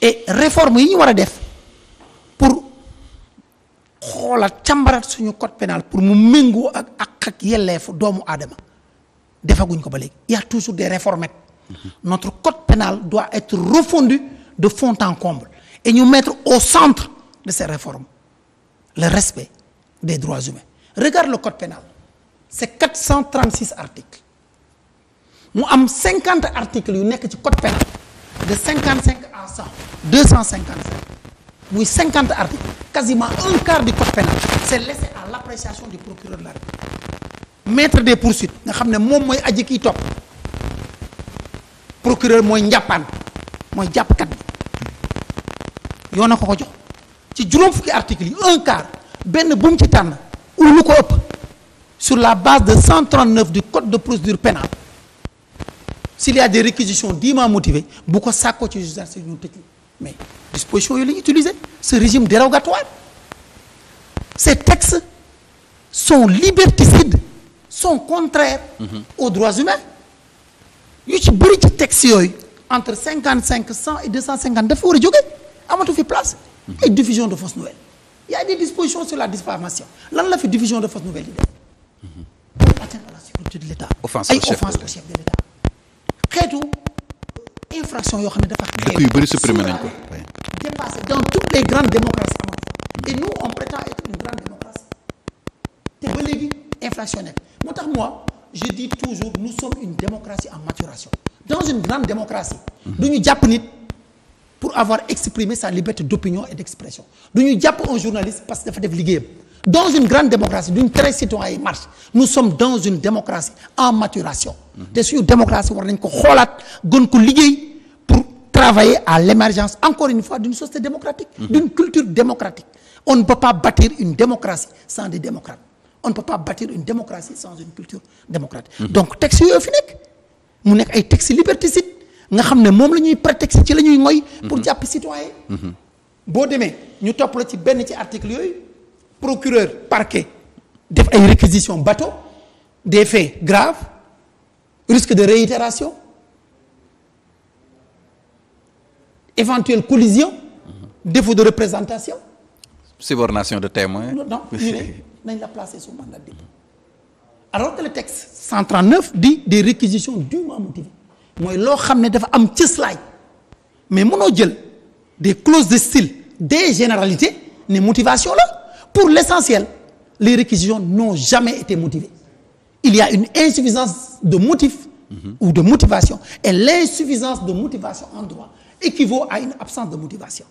et réforme yi ñu war a def pour xoolaat càmbaraat suñu code pénal pour mu méngoo ak ak ak yelleefu doomu aadama defaguñ ko ba léegi y a toujours des réformettes notre code pénal doit être refondu de fond en comble et ñu mettre au centre de ces réformes le respect des droits humains regarde le code pénal c'est 436 articles mu am 50 articles yu nekk ci code pénal de cinquante cinq à cent deux cent cinquante cinq muy cinquante articles quasiment un quart du code pénal c'est laissé à l'appréciation du procureur de la République maître des poursuites nga xam ne moom mooy aji kiy topp procureur mooy njàppaan mooy jàppkat bi yoon na ko ko jox ci juróom fukki articles yi un quart benn bu mu ci tànn ou lu ko ëpp sur la base de 139 du code de procédure pénale s'il y a des réquisitions dûment motivées bu ko sàkkoo ci justice ñu tëj mais disposition yooyu la ñu utiliser ce régime dérogatoire ces textes sont liberticides sont contraires mm aux droits humains yu ci bëri ci textes yooyu entre cinq cent et deux cent cinquante dafa war a jóge amatu fi place mm-hmm. ay diffusion de fausses nouvelles il y a des sur la diffamation lan la fi diffusion de fausses nouvelles yi def mm-hmm. atteinte à offense au chef de l'État xeetu infraction yoo xam ne dafa. xeetu dëkk yu bëri supprimé nañ ko dépassé dans toutes les grandes démocraties et nous on prétend être une grande démocratie te ba léegi inflation moo tax moi je dis toujours nous sommes une démocratie en maturation dans une grande démocratie. Mhm. du ñu jàpp nit pour avoir exprimé sa liberté d'opinion et d'expression du ñu jàpp un journaliste parce que dafa def liggéeyam. dans une grande démocratie duñ tere citoyen yi marche nous sommes dans une démocratie en maturation mhm. te suñu démocratie war nañ ko xoolaat gën ko liggéey pour travailler à l'émergence encore une fois d'une société démocratique mhm. d'une culture démocratique on ne peut pas bâtir une démocratie sans des démocrates on ne peut pas bâtir une démocratie sans une culture démocratique mhm. donc texte yooyu fi nekk mu nekk ay texte liberticide nga xam ne moom la ñuy prétexte ci la ñuy ngoy pour jàpp citoyen boo demee ñu topp la ci benn ci article yooyu procureur parquet def ay réquisition bateau des faits graves risque de réitération éventuelle collision défaut de représentation subornation de témoin non ñu ne nañ la placer sous mandat de dépôt alors que le texte 139 dit des réquisitions dûment motivées mooy loo xam ne dafa am cëslaay mais mënoo jël des clauses de style des généralités ne motivation la pour l'essentiel, les réquisitions n'ont jamais été motivées. Il y a une insuffisance de motifs mhm. ou de motivation. Et l'insuffisance de motivation en droit équivaut à une absence de motivation.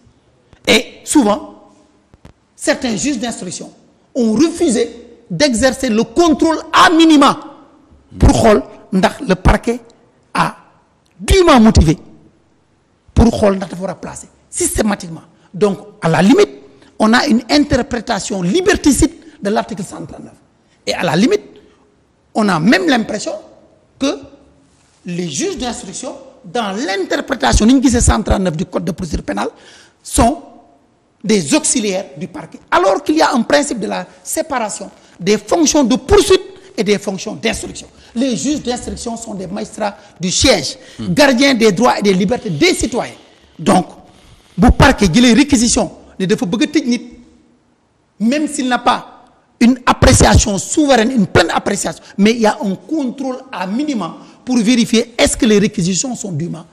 Et souvent, certains juges d'instruction ont refusé d'exercer le contrôle à minima pour xool ndax le parquet a dûment motivé pour xool ndax dafa war a placer systématiquement donc à la limite on a une interprétation liberticide de l'article 139. Et à la limite, on a même l'impression que les juges d'instruction, dans l'interprétation ni ñu gisee 139 du code de procédure pénale, sont des auxiliaires du parquet, alors qu'il y a de la séparation des fonctions de poursuite et des fonctions d'instruction. Les juges d'instruction sont des magistrats du siège, mmh. des droits des libertés des citoyens. Donc, bu parquet jëlee réquisition ne dafa bëgg a tëj nit même s'il n'a pas une appréciation souveraine une pleine appréciation mais il y a un contrôle à minima pour vérifier est-ce que les réquisitions sont dûment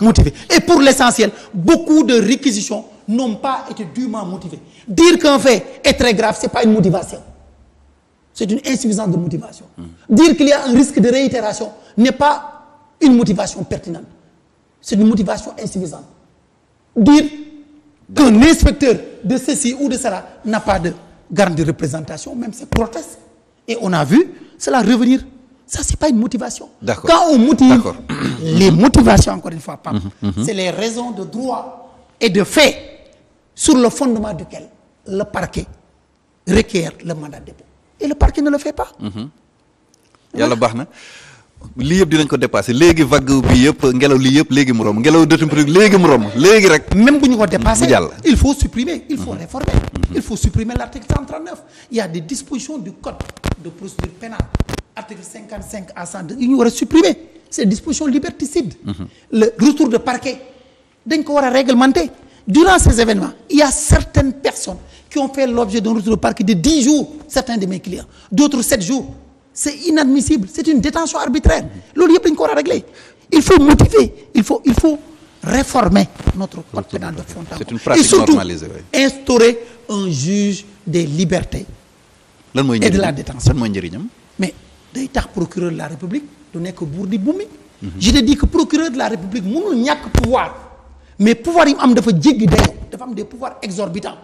motivées et pour l'essentiel beaucoup de réquisitions n'ont pas été dûment motivées dire qu'un fait est très grave c'est pas une motivation c'est une insuffisance de motivation dire qu'il y a un risque de réitération n'est pas une motivation pertinente c'est une motivation qu'un inspecteur de ceci ou de cela n'a pas de garde de représentation même c'est grotesque et on a vu cela revenir ça c'est pas une motivation quand on motive les motivations encore une fois Pape mmh, c'est les raisons de droit et de fait sur le fondement duquel le parquet requiert le mandat de dépôt et le parquet ne le fait pas mm-hmm. lii yëpp dinañ ko dépassé léegi vague bi yëpp ngelaw lii yëpp léegi mu romb ngelaw dëtum pri léegi mu romb léegi rek même bu ñu ko dépassé il faut supprimer il faut mm-hmm. réformer mm-hmm. il faut supprimer l'article il y des dispositions du code de procédure pénale article à 102 ñu war a supprimer ces dispositions liberticides mm-hmm. le retour de parquet dañ ko war a réglementer durant ces événements il y a certaines personnes qui ont fait l'objet d'un retour de parquet c'est inadmissible c'est une détention arbitraire loolu yëpp dañu ko war a régler il faut motiver il faut il faut réformer notre code pénal de fond en comble et surtout instaurer un juge des libertés lan mooy njëriñam et de la détention lan mooy mais day tax procureur de la république du nekk buur di bumi mhm. je te dis que procureur de la république mënul ñàkk pouvoir mais pouvoir yi mu am dafa jéggi dayoo dafa am des pouvoirs exorbitants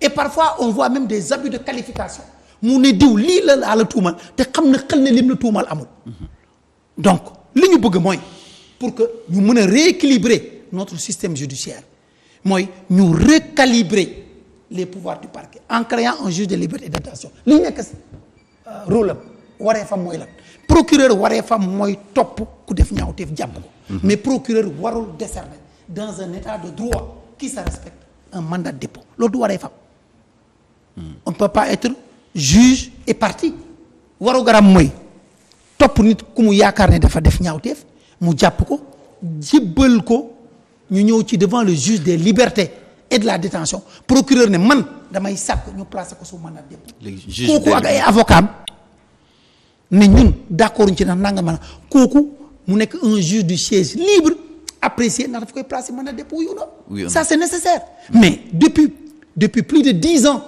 et parfois on voit même des abus de qualification mu ne diw lii la laa la tuumal te xam na xel ne lim la tuumal amul. donc li ñu bëgg mooy pour que ñu mën a rééquilibrer notre système judiciaire mooy ñu recalibrer les pouvoirs du parquet en créant un juge de liberté d'intention li ñu nekk euh, rôle waree wareefam mooy lan procureur fam mooy topp ku def ñaawteef jàpp ko. Mhm. mais procureur warul décerner dans un état de droit qui se respecte un mandat de dépôt loolu du wareefam. Mhm. on peut pas juge et parti waru mooy topp nit ku mu yaakaar ne dafa def ñaawteef mu jàpp ko jébbal ko ñu ñëw ci devant le juge des libertés et de la détention procureur ne man damay sàkk ñu placé ko su mandat de kooku ak ay avocat ne ñun d'accorduñ ci ndax nanga man kooku mu nekk un juge du siège libre apprécié ndax dafa koy placé mandat de dépôt yu na ça c'est nécessaire mais depuis depuis plus de dix ans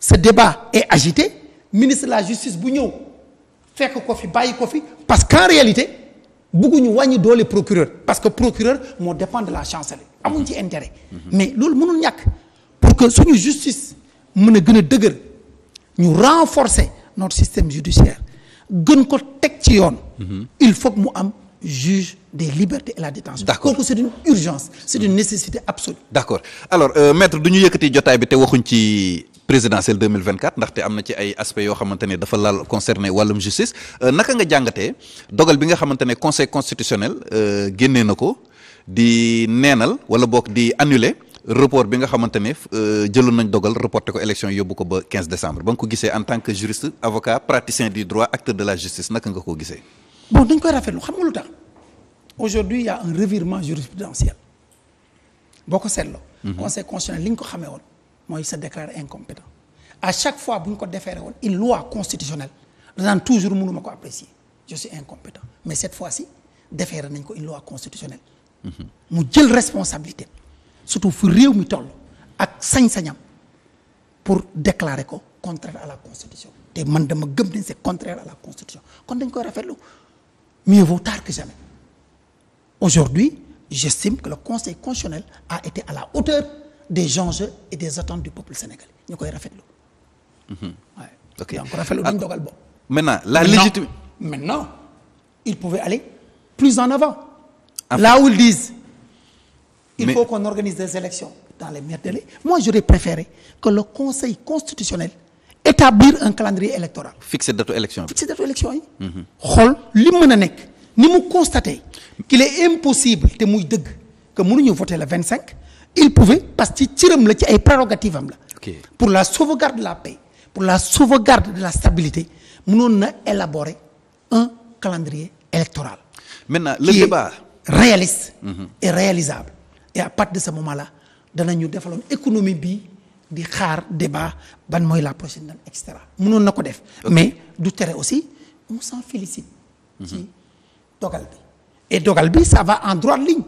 ce débat est agité ministre la justice bu ñëw fekk ko fi bàyyi ko fi parce qu'en réalité bëgguñu wàññi doole procureur parce que procureur moo dépend de la chancellerie amuñ ci intérêt mhm. mais loolu mënul ñàkk pour que suñu justice mën a gën a dëgër ñu renforcer notre système judiciaire gën ko teg ci yoon mhm. il faut mu am juge des libertés et la détention. d'accord kooku c'est une urgence c'est une mhm. nécessité absolue d'accord alors euh, maître du ñu yëkkati jotaay te waxuñ ci présidentielle 2024 ndaxte am na ci ay aspects yoo xamante ne dafa laal concerné wàllum justice euh, naka nga jàngatee dogal bi nga xamante ne conseil constitutionnel euh, génnee na ko di neenal wala book di annuler report bi nga xamante ne euh, jëloon nañ dogal reporté ko élection yóbbu ko ba 15 décembre ba nga ko gisee en tant que juriste avocat praticien du droit acteur de la justice naka nga ko gisee. bon dañ koy rafet xam nga lu tax aujourd'hui il y a un revirement jurisprudentiel boo ko seetloo. Mm-hmm. conseil constitutionnel li ñu ko xamee woon. mooy se déclare incompétent à chaque fois bu ñu ko déféré woon une loi constitutionnelle danaan toujours ma ko apprécier je suis incompétent mais cette fois-ci déféré nañ ko une loi constitutionnelle mm-hmm. mu jël responsabilité surtout fu réew mi toll ak sañ-sañam pour déclarer ko contraire à la constitution te man dama gëm ne c'est contraire à la constitution kon dañ koy rafetlu mieux vaut tard que jamais aujourd'hui j'estime que le conseil à la des enjeux et des attentes du peuple sénégalais ñu koy rafetlu. Mhm. ok donc rafetlu duñ dogal boobu. maintenant la légitime. maintenant il pouvait aller plus en avant. Après. Ah. là où ils disent. il Mais... faut qu'on organise des élections dans les meilleurs délais moi j'aurais préféré que le conseil constitutionnel établir un calendrier électoral. fixer date élection bi fixer date élection yi. Mhm. xool li mën a nekk ni mu constaté. qu'il est impossible te muy dëgg que mënuñu voter le 25. il pouvait parce que ci la ci ay prérogatives am la. pour la sauvegarde de la paix pour la sauvegarde de la stabilité mënoon na élaborer un calendrier électoral. maintenant le débat réaliste. Mm réalisable. et à partir de ce moment là danañu defaloon économie bi di xaar débat ban mooy la prochaine date et cetera mënoon na ko def. mais du tere aussi on s'en félicite. Mhm. ci dogal bi. et dogal bi ça va en droite ligne.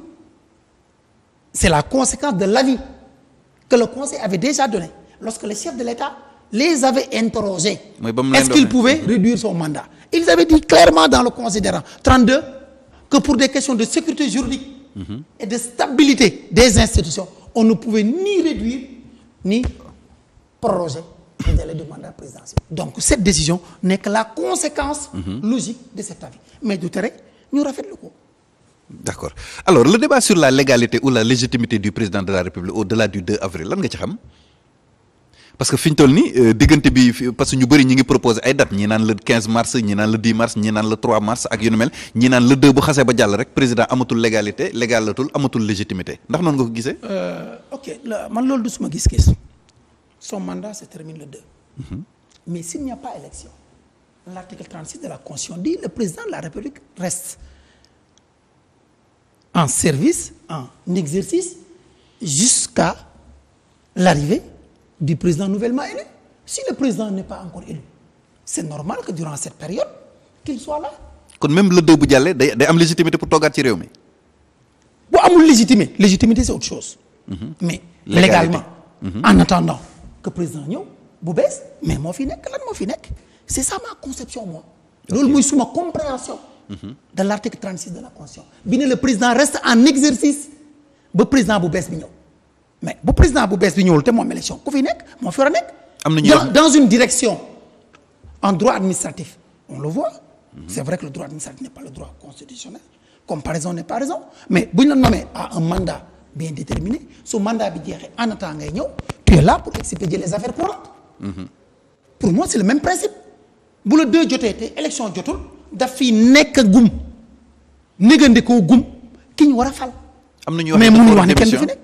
C'est la conséquence de l'avis que le conseil avait déjà donné lorsque le chef de l'État les avait interrogés. Est-ce qu'il pouvait réduire son mandat? Ils avaient dit dans le considérant 32 que pour des questions de sécurité juridique mm-hmm. et de stabilité des institutions, on ne pouvait ni réduire ni proroger le délai du mandat Donc cette décision n'est la conséquence mm-hmm. logique de cet avis. Mais du tere ñu rafetlu ko. d'accord alors le débat sur la légalité ou la légitimité du président de la République au-delà du avril lan nga ci xam parce que fi ñu toll nii euh, diggante bi parce que ñu bëri ñi ngi proposer ay dates ñi naan le 15 mars ñi naan le 10 mars ñi naan le 3 mars ak yu mel ñi naan le 2 bu xasee ba jàll rek président amatul légalité légalatul amatul légitimité ndax noonu nga ko gisee. Euh, ok man loolu du suma gis-gis son mandat se termine le 2. Mhm. mais s'il n'y a pas élection l'article de la Constitution dit le président de la République reste. en service, en exercice, jusqu'à l'arrivée du président nouvellement élu. Si le président n'est pas encore élu, c'est normal que durant cette période, qu'il soit là. kon même le bu jàllee day day am légitimité pour toogaat ci réew mi. bu amul légitimité légitimité c'est autre chose. Mm -hmm. mais légalement. Mm -hmm. en attendant que président ñëw bu bees mais moo fi nekk lan moo fi nekk c'est ça ma conception moi. loolu mooy suma compréhension. de l' article de la constitution bi ne le président reste en exercice ba président bu bees bi ñëw mais bu président bu bees bi ñëwul te moom élection ku fi nekk moo fi war a nekk. dans une direction en droit administratif on le voit. Mm -hmm. c' est vrai que le droit administratif n' est pas le droit constitutionnel comparaison n' est pas raison mais bu ñu la nommé à un mandat bien déterminé su mandat bi jeexee en attendant ngay ñëw tu es là pour expédier les affaires courantes. Mm-hmm. le même principe te élection jotul. daf fi nekk gum négandikoo gum ki ñu war a fal. am na ñu wax ne dafa war a démissionné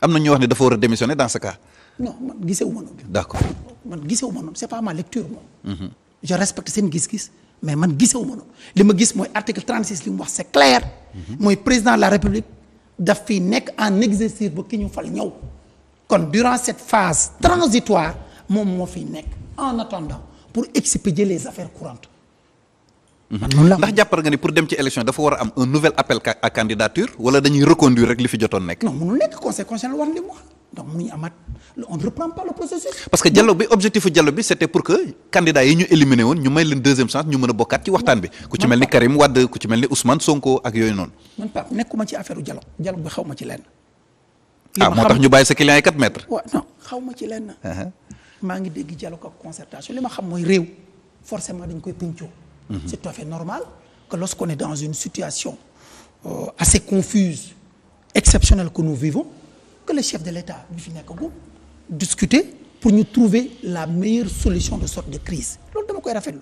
am na ñu ne dafa war a démissionné dans ce cas. non man gisewu ma noonu. d' man gisewu ma noonu c' est pas ma lecture moom. Mm-hmm. je respecte gis-gis mais man gisewu ma noonu li gis mooy article 36 li mu wax c' est clair. Mm-hmm. mooy président de la république nekk en exercice ba ki ñu fal ñëw. kon durant cette phase transitoire moom moo fi nekk en attendant pour expédier les affaires courantes. ndax jàppar nga ni pour dem ci élection dafa war a am un nouvel appel à candidature wala dañuy reconduire rek li fi jotoon nekk. non nekk conseil constitutionnel war li mu wax donc que bi objectif u dialogue bi c' était pour que candidats yi ñu éliminé woon ñu may leen deuxième chance ñu mën a bokkaat ci waxtaan bi. ku ci mel ni Karim Wade ku ci mel ni Ousmane Sonko ak yooyu noonu. man Pape nekkuma ci affaire dialogue dialogue bi xaw ma ci lenn. Ah, moo tax ñu bàyyi sa ma ci lenn. Uh-huh. maa ngi dégg dialogue ak concertation li ma Mm -hmm. C'est tout à fait normal que lorsqu'on est dans une situation euh, assez confuse, exceptionnelle que nous vivons, que le chef de l'État bi fi nekk gu discuter pour ñu trouver la meilleure solution de sorte de crise loolu dama koy rafetlu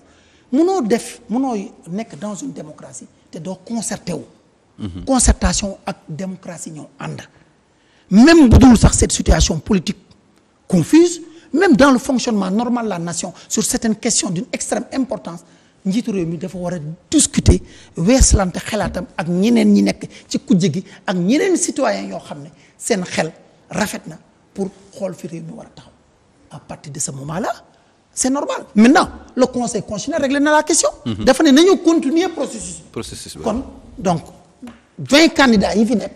mënoo def mënoo nekk dans une démocratie te doo concerté wu mm-hmm. concertation ak démocratie ñoo ànd même bu dul sax cette situation politique confuse même dans le fonctionnement normal de la nation sur certaines questions d'une extrême importance njiitu réew mi dafa war a discuter weeslante xalaatam ak ñeneen ñi nekk ci kujje gi ak ñeneen citoyen yoo xam ne seen xel rafet na pour xool fi réew mi war a taxaw à partir de ce moment là c' est normal maintenant le conseil constitutionnel réglé na la question. Mhm. dafa ne nañu continuer processus. processus kon donc vingt candidats yi fi nekk.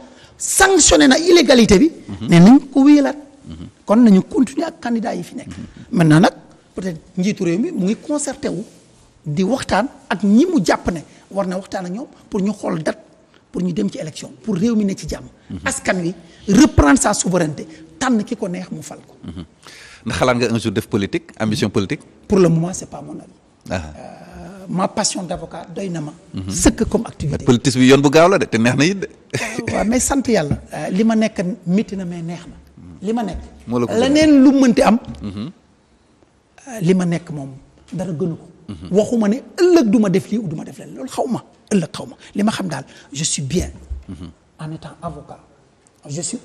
sanctionné na illégalité bi. ne nañ ko wéyalaat. kon nañu continuer ak candidat yi fi nekk. man naa nag peut-être njiitu réew mi mu ngi concerté wu di waxtaan ak ñii mu jàpp ne war na waxtaan ak ñoom pour ñu xool date pour ñu dem ci élection pour réew mi ne ci jàmm. askan wi reprendre sa souveraineté tànn ki ko neex mu fal ko. ndax xalaat nga un jour def politique ambition politique. pour le moment c'est pas mon ma passion d'avocat doy na ma. sëkk comme activité. politique bi yoon bu gaaw la de te neex na it de. Euh, mais sant yàlla euh, li ma nekk métti na mais neex na li ma nekk. moo la ko leneen lu mënti am. Mhm. Euh, li ma nekk moom dara gënu ko. waxuma ne ëllëg duma def lii ou du ma def leneen loolu xaw ma ëllëg xaw ma li ma xam daal je suis bien. Mhm. en étant avocat je suis